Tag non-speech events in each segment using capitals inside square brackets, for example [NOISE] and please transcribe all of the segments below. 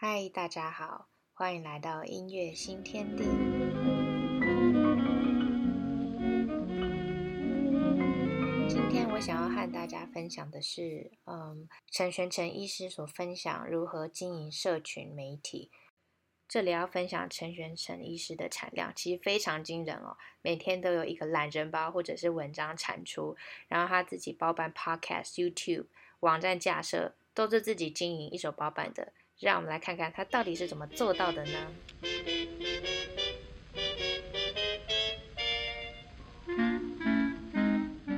嗨，Hi, 大家好，歡迎來到音樂新天地。今天我想要和大家分享的是，嗯，陳璿丞醫師所分享如何經營社群媒體。這裡要分享陳璿丞醫師的產量，其實非常驚人哦，每天都有一個懶人包或者是文章產出，然後他自己包辦 Podcast、YouTube 網站架設，都是自己經營一手包辦的。讓我們來看看他到底是怎麼做到的呢？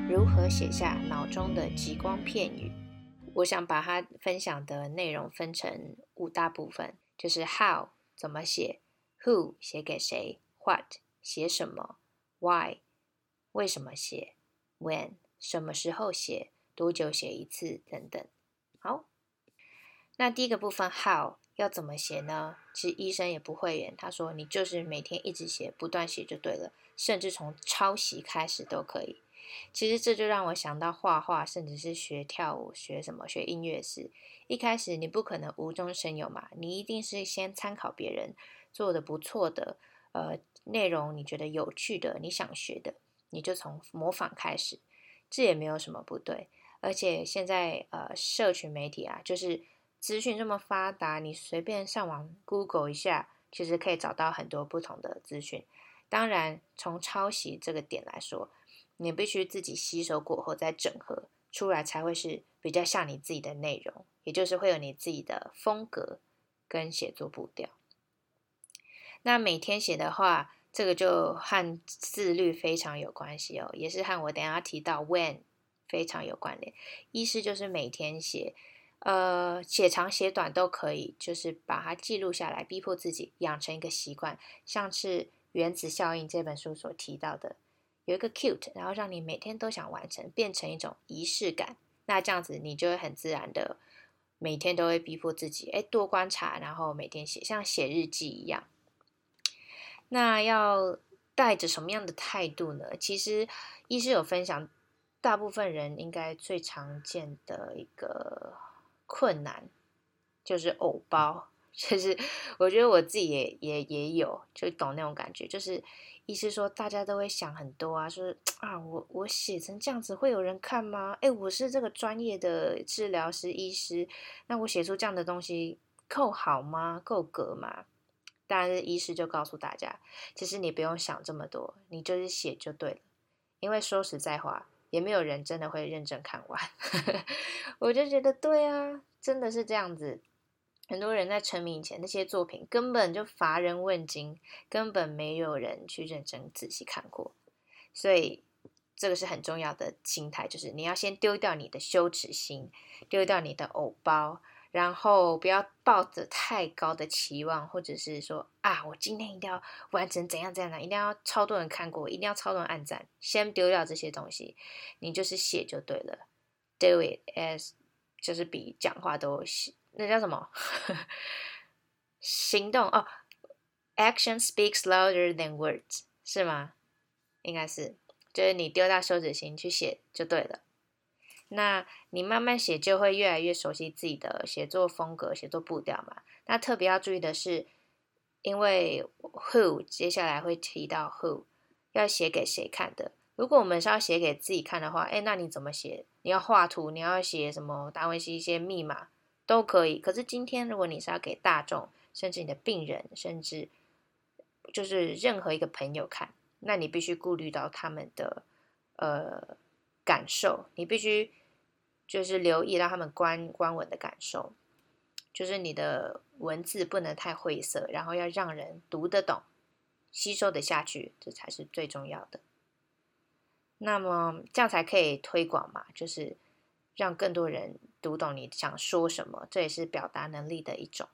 如何寫下腦中的吉光片羽？我想把他分享的內容分成五大部分，就是 How 怎麼寫，Who 寫給誰，What 寫什麼，Why 為什麼寫，When 什麼時候寫，多久寫一次等等。那第一個部分，how 要怎麼寫呢？其實醫生也不諱言，他說你就是每天一直寫，不斷寫就對了，甚至從抄襲開始都可以。其實這就讓我想到畫畫，甚至是學跳舞、學什麼、學音樂時，一開始你不可能無中生有嘛，你一定是先參考別人做的不錯的呃內容，你覺得有趣的、你想學的，你就從模仿開始，這也沒有什麼不對。而且現在呃，社群媒體啊，就是。資訊這麼發達，你隨便上網 Google 一下，其實可以找到很多不同的資訊。當然，從抄襲這個點來說，你必須自己吸收過後再整合出來，才會是比較像你自己的內容，也就是會有你自己的風格跟寫作步調。那每天寫的話，這個就和自律非常有關係哦，也是和我等一下提到 When 非常有關聯，意思就是每天寫。呃，寫長寫短都可以，就是把它記錄下來，逼迫自己養成一個習慣。像是《原子效應》這本書所提到的，有一個 cute，然後讓你每天都想完成，變成一種儀式感。那這樣子，你就會很自然的每天都會逼迫自己，哎，多觀察，然後每天寫，像寫日記一樣。那要帶着什麼樣的態度呢？其實醫師有分享，大部分人應該最常見的一個。困難就是偶包，就是我覺得我自己也也也有，就懂那種感覺。就是醫師說大家都會想很多啊，說啊我我寫成這樣子會有人看嗎？哎，我是這個專業的治療師醫師，那我寫出這樣的東西夠好嗎？夠格嗎？當然醫師就告訴大家，其實你不用想這麼多，你就是寫就對了。因為說實在話。也沒有人真的會認真看完， [LAUGHS] 我就覺得對啊，真的是這樣子。很多人在成名以前，那些作品根本就乏人問津，根本沒有人去認真仔細看過。所以，這個是很重要的心態，就是你要先丟掉你的羞恥心，丟掉你的偶包。然後不要抱着太高的期望，或者是說啊，我今天一定要完成怎樣怎樣的，啊、一定要超多人看過，一定要超多人按讚。先丟掉這些東西，你就是寫就對了。Do it as，就是比講話都那叫什麼？ [LAUGHS] 行動哦，Action speaks louder than words，是嗎？應該是，就是你丟掉羞恥心去寫就對了。那你慢慢寫就會越來越熟悉自己的寫作風格、寫作步調嘛。那特別要注意的是，因為 who 接下來會提到 who 要寫給誰看的。如果我們是要寫給自己看的話，哎、欸，那你怎麼寫？你要畫圖，你要寫什麼，達文西一些密碼都可以。可是今天如果你是要給大眾，甚至你的病人，甚至就是任何一個朋友看，那你必須顧慮到他們的呃感受，你必須。就是留意到他們觀觀文的感受，就是你的文字不能太晦澀，然後要讓人讀得懂、吸收得下去，這才是最重要的。那麼這樣才可以推廣嘛。就是讓更多人讀懂你想說什麼，這也是表達能力的一種。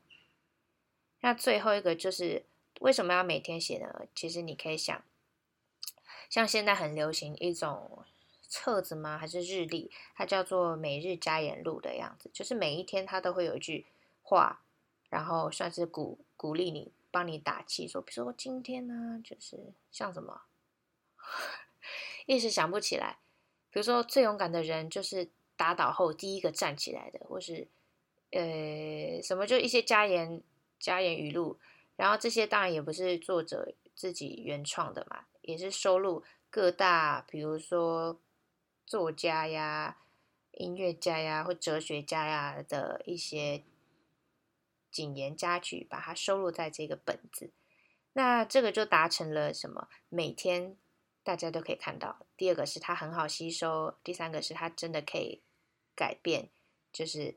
那最後一個就是為什麼要每天寫呢？其實你可以想，像現在很流行一種，冊子嗎？還是日曆？它叫做《每日加言錄》的樣子，就是每一天它都會有一句話，然後算是鼓鼓勵你、幫你打氣。說，比如說今天呢、啊，就是像什麼， [LAUGHS] 一時想不起來。比如說最勇敢的人，就是打倒後第一個站起來的，或是呃什麼，就一些加言加言語錄。然後這些當然也不是作者自己原創的嘛，也是收錄各大，比如說。作家呀、音樂家呀，或哲學家呀，的一些謹言佳句，把它收錄在這個本子。那這個就達成了什麼？每天大家都可以看到。第二個是它很好吸收，第三個是它真的可以改變，就是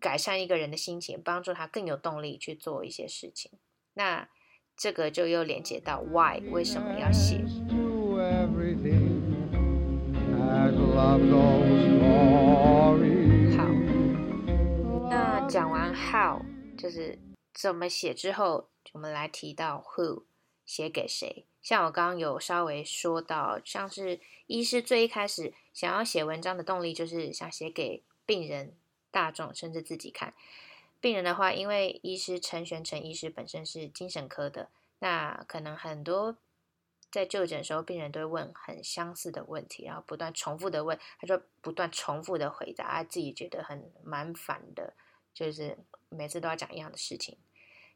改善一個人的心情，幫助他更有動力去做一些事情。那這個就又連接到 why 為什麼要寫？Love no、story, 好，那講完 how 就是怎麼寫之後，我們來提到 who 寫給誰。像我剛剛有稍微說到，像是醫師最一開始想要寫文章的動力，就是想寫給病人、大眾，甚至自己看。病人的話，因為醫師陳璿丞醫師本身是精神科的，那可能很多。在就診的時候，病人都會問很相似的問題，然後不斷重複的問，他就不斷重複的回答，他自己覺得很蠻煩的，就是每次都要講一樣的事情。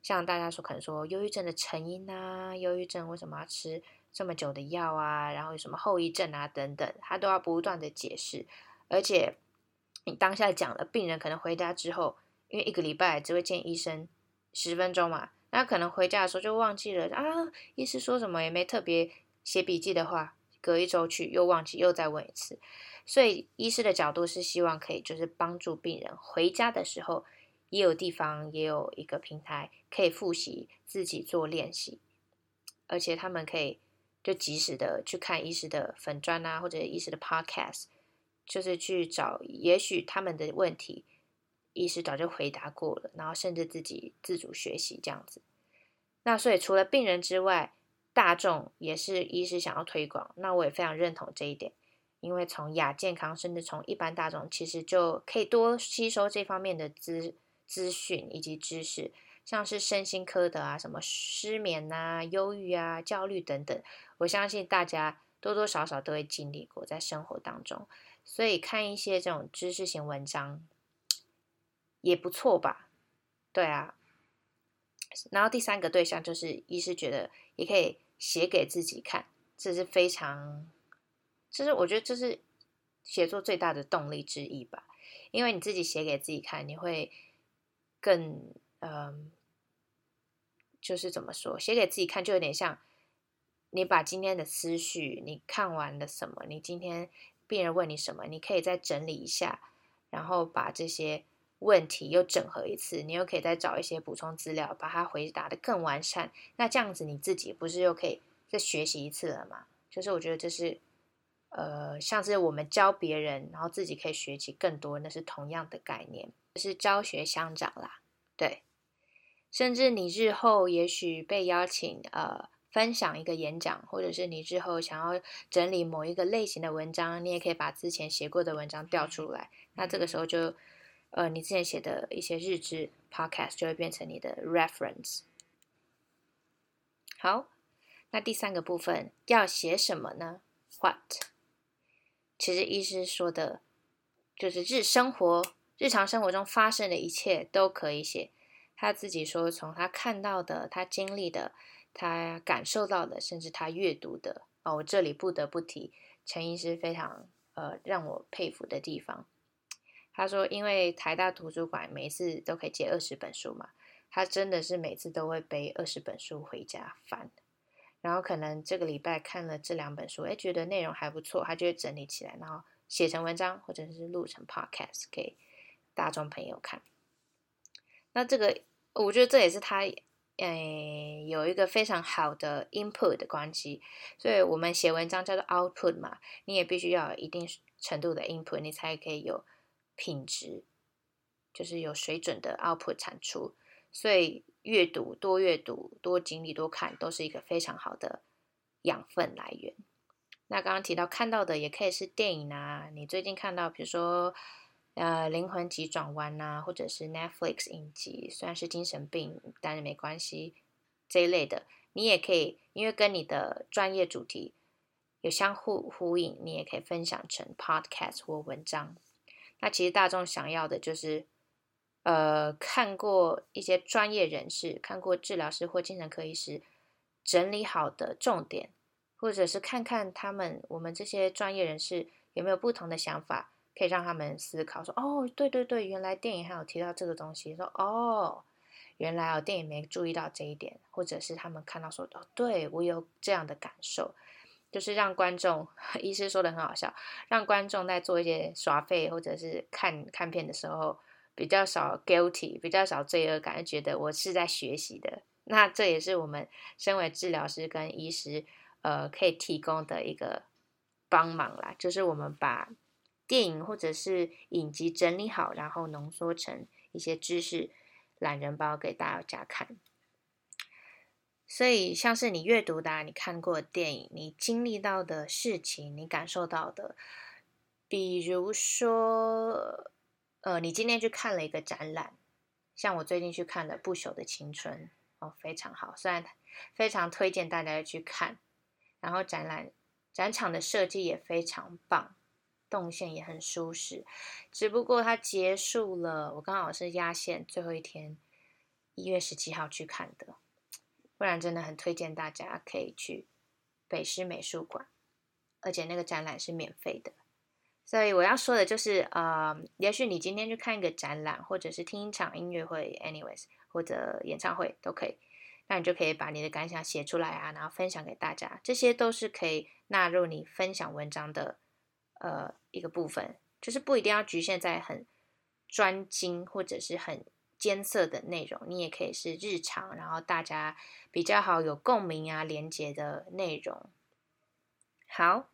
像大家說可能說憂鬱症的成因啊，憂鬱症為什麼要吃這麼久的藥啊，然後有什麼後遺症啊等等，他都要不斷的解釋。而且你當下講了，病人可能回家之後，因為一個禮拜只會見醫生十分鐘嘛。那可能回家的時候就忘記了啊，醫師說什麼也沒特別寫筆記的話，隔一周去又忘記，又再問一次。所以醫師的角度是希望可以就是幫助病人回家的時候也有地方，也有一個平台可以複習自己做練習，而且他們可以就及時的去看醫師的粉專啊，或者醫師的 podcast，就是去找也許他們的問題。醫師早就回答過了，然後甚至自己自主學習這樣子。那所以除了病人之外，大眾也是醫師想要推廣。那我也非常認同這一點，因為從亞健康，甚至從一般大眾，其實就可以多吸收這方面的資資訊以及知識，像是身心科的啊，什麼失眠啊、憂鬱啊、焦慮等等，我相信大家多多少少都會經歷過在生活當中。所以看一些這種知識型文章，也不錯吧，對啊。然後第三個對象就是，醫師覺得也可以寫給自己看，這是非常，這是我覺得這是寫作最大的動力之一吧。因為你自己寫給自己看，你會更，嗯，就是怎麼說，寫給自己看就有點像你把今天的思緒，你看完了什麼，你今天病人問你什麼，你可以再整理一下，然後把這些，問題又整合一次，你又可以再找一些補充資料，把它回答得更完善。那這樣子你自己不是又可以再學習一次了嗎？就是我覺得這是，呃，像是我們教別人，然後自己可以學習更多，那是同樣的概念，就是教學相長啦。對，甚至你日後也許被邀請，呃，分享一個演講，或者是你日後想要整理某一個類型的文章，你也可以把之前寫過的文章調出來。那這個時候就。嗯呃，你之前寫的一些日誌、podcast 就會變成你的 reference。好，那第三個部分要寫什麼呢？What？其實醫師說的，就是日生活、日常生活中發生的一切都可以寫。他自己說，從他看到的、他經歷的、他感受到的，甚至他閱讀的。哦，我這裡不得不提陳醫師非常呃讓我佩服的地方。他說：“因為台大圖書館每次都可以借二十本書嘛，他真的是每次都會背二十本書回家翻。然後可能這個禮拜看了這兩本書，誒，覺得內容還不錯，他就會整理起來，然後寫成文章，或者是錄成 podcast 給大衆朋友看。那這個我覺得這也是他誒、呃、有一個非常好的 input 的關係。所以我們寫文章叫做 output 嘛，你也必須要有一定程度的 input，你才可以有。”品質就是有水準的 output 產出，所以閱讀，多閱讀、多經歷、多看都是一個非常好的養分來源。那剛剛提到看到的也可以是電影啊，你最近看到比如說呃《靈魂急轉彎》吶，或者是 Netflix 影集，雖然是精神病，但是沒關係，這一類的，你也可以，因為跟你的專業主題有相互呼應，你也可以分享成 podcast 或文章。那其實大眾想要的就是，呃，看過一些專業人士，看過治療師或精神科醫師整理好的重點，或者是看看他們我們這些專業人士有沒有不同的想法，可以讓他們思考說，哦，對對對，原來電影還有提到這個東西，說哦，原來我、哦、電影沒注意到這一點，或者是他們看到說，哦，對我有這樣的感受。就是讓觀眾，醫師說得很好笑，讓觀眾在做一些耍廢或者是看看片的時候，比較少 guilty，比較少罪惡感，覺得我是在學習的。那這也是我們身為治療師跟醫師，呃，可以提供的一個幫忙啦，就是我們把電影或者是影集整理好，然後濃縮成一些知識懶人包給大家看。所以，像是你閱讀的、啊、你看過的電影、你經歷到的事情、你感受到的，比如說，呃，你今天去看了一個展覽，像我最近去看了《不朽的青春》，哦，非常好，雖然非常推薦大家去看。然後展覽展場的設計也非常棒，動線也很舒適。只不過它結束了，我剛好是壓線最後一天，一月十七號去看的。不然真的很推薦大家可以去北師美術館，而且那個展覽是免費的。所以我要說的就是，呃，也許你今天去看一個展覽，或者是聽一場音樂會，anyways，或者演唱會都可以，那你就可以把你的感想寫出來啊，然後分享給大家，這些都是可以納入你分享文章的，呃，一個部分，就是不一定要侷限在很專精或者是很。監測的內容，你也可以是日常，然後大家比較好有共鳴啊，連接的內容。好，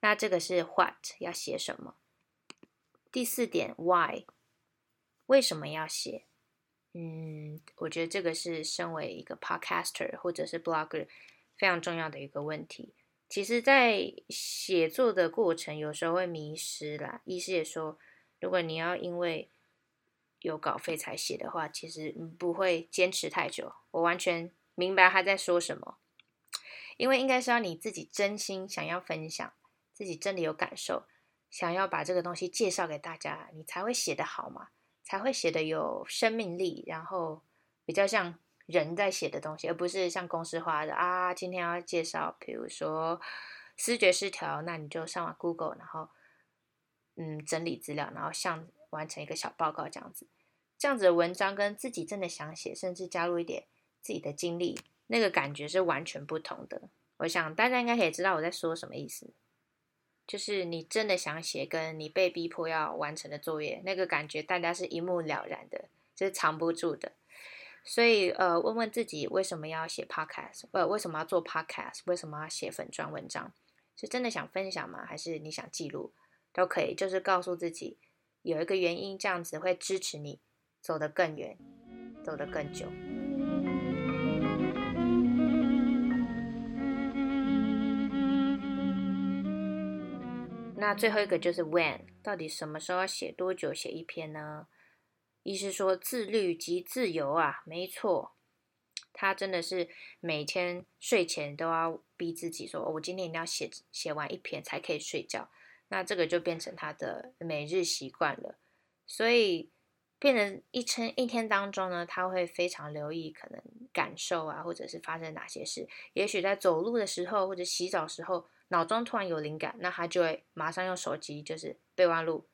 那這個是 What 要寫什麼？第四點 Why 為什麼要寫？嗯，我覺得這個是身為一個 podcaster 或者是 blogger 非常重要的一個問題。其實，在寫作的過程，有時候會迷失啦。醫師也說，如果你要因為有稿費才寫的話，其實不會堅持太久。我完全明白他在說什麼，因為應該是要你自己真心想要分享，自己真的有感受，想要把這個東西介紹給大家，你才會寫得好嘛，才會寫得有生命力，然後比較像人在寫的東西，而不是像公司化的啊。今天要介紹，比如說思覺失調，那你就上網 Google，然後嗯，整理資料，然後像。完成一個小報告這樣子，這樣子的文章跟自己真的想寫，甚至加入一點自己的經歷，那個感覺是完全不同的。我想大家應該可以知道我在說什麼意思，就是你真的想寫，跟你被逼迫要完成的作業，那個感覺大家是一目了然的，就是藏不住的。所以呃，問問自己為什麼要寫 Podcast，呃，為什麼要做 Podcast，為什麼要寫粉專文章，是真的想分享嗎？還是你想記錄都可以？就是告訴自己。有一個原因，這樣子會支持你走得更遠，走得更久。那最後一個就是 when，到底什麼時候要寫多久寫一篇呢？意思說自律即自由啊，沒錯，他真的是每天睡前都要逼自己說，哦、我今天一定要寫寫完一篇才可以睡覺。那這個就變成他的每日習慣了，所以變成一天一天當中呢，他會非常留意可能感受啊，或者是發生哪些事。也許在走路的時候或者洗澡的時候，腦中突然有靈感，那他就會馬上用手機就是備忘錄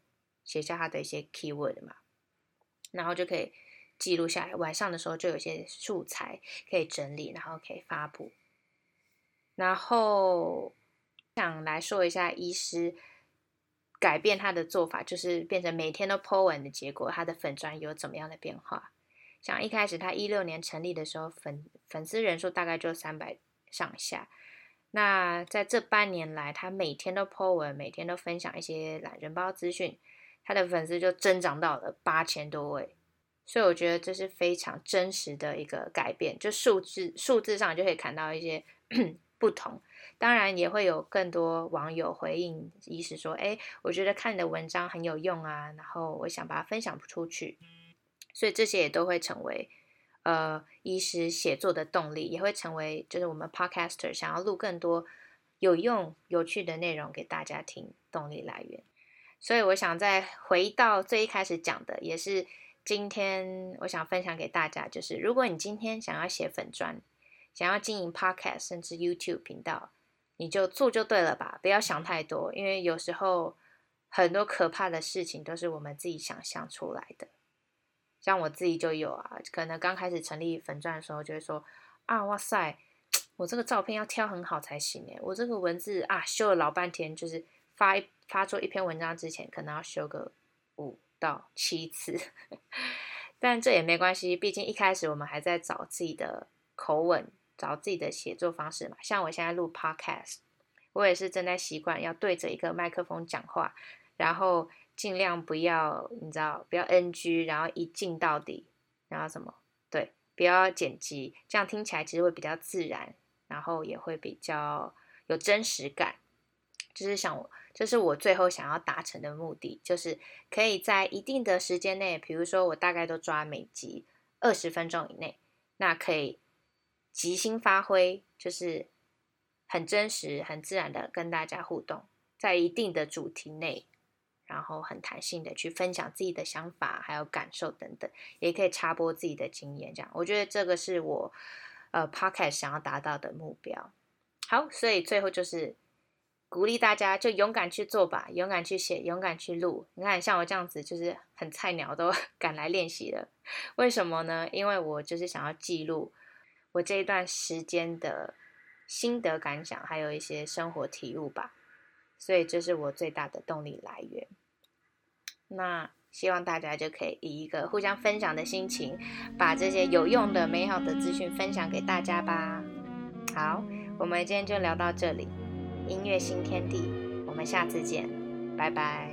寫下他的一些 keyword 嘛，然後就可以記錄下來。晚上的時候就有一些素材可以整理，然後可以發布。然後想來說一下醫師改變他的做法，就是變成每天都 po 文的結果，他的粉專，有怎麼樣的變化？像一開始他一六年成立的時候，粉粉絲人數大概就三百上下。那在這半年來，他每天都 po 文，每天都分享一些懶人包資訊，他的粉絲就增長到了八千多位。所以我覺得這是非常真實的一個改變，就數字數字上就可以看到一些 [COUGHS] 不同。當然也會有更多網友回應醫師說：“哎，我覺得看你的文章很有用啊，然後我想把它分享不出去。”所以這些也都會成為呃醫師寫作的動力，也會成為就是我們 podcaster 想要錄更多有用、有趣的內容給大家聽動力來源。所以我想再回到最一開始講的，也是今天我想分享給大家，就是如果你今天想要寫粉專，想要經營 podcast 甚至 YouTube 頻道。你就做就對了吧，不要想太多，因為有時候很多可怕的事情都是我們自己想象出來的。像我自己就有啊，可能剛開始成立粉專的時候，就會說啊，哇塞，我這個照片要挑很好才行耶。我這個文字啊，修了老半天，就是發一發出一篇文章之前，可能要修個五到七次。但這也沒關係，畢竟一開始我們還在找自己的口吻。找自己的寫作方式嘛，像我現在錄 Podcast，我也是正在習慣要對着一個麥克風講話，然後儘量不要，你知道，不要 NG，然後一鏡到底，然後什麼，對，不要剪輯，這樣聽起來其實會比較自然，然後也會比較有真實感。就是想，就是我最後想要達成的目的，就是可以在一定的時間內，比如說我大概都抓每集二十分鐘以內，那可以。即興發揮，就是很真實、很自然的跟大家互動，在一定的主題內，然後很彈性的去分享自己的想法、還有感受等等，也可以插播自己的經驗。這樣，我覺得這個是我呃 Podcast 想要達到的目標。好，所以最後就是鼓勵大家，就勇敢去做吧，勇敢去寫，勇敢去錄。你看，像我這樣子，就是很菜鳥都 [LAUGHS] 敢來練習了。為什麼呢？因為我就是想要記錄。我這一段時間的心得感想，還有一些生活體悟吧，所以這是我最大的動力來源。那希望大家就可以以一個互相分享的心情，把這些有用的、美好的資訊分享給大家吧。好，我們今天就聊到這裡。音樂新天地，我們下次見，拜拜。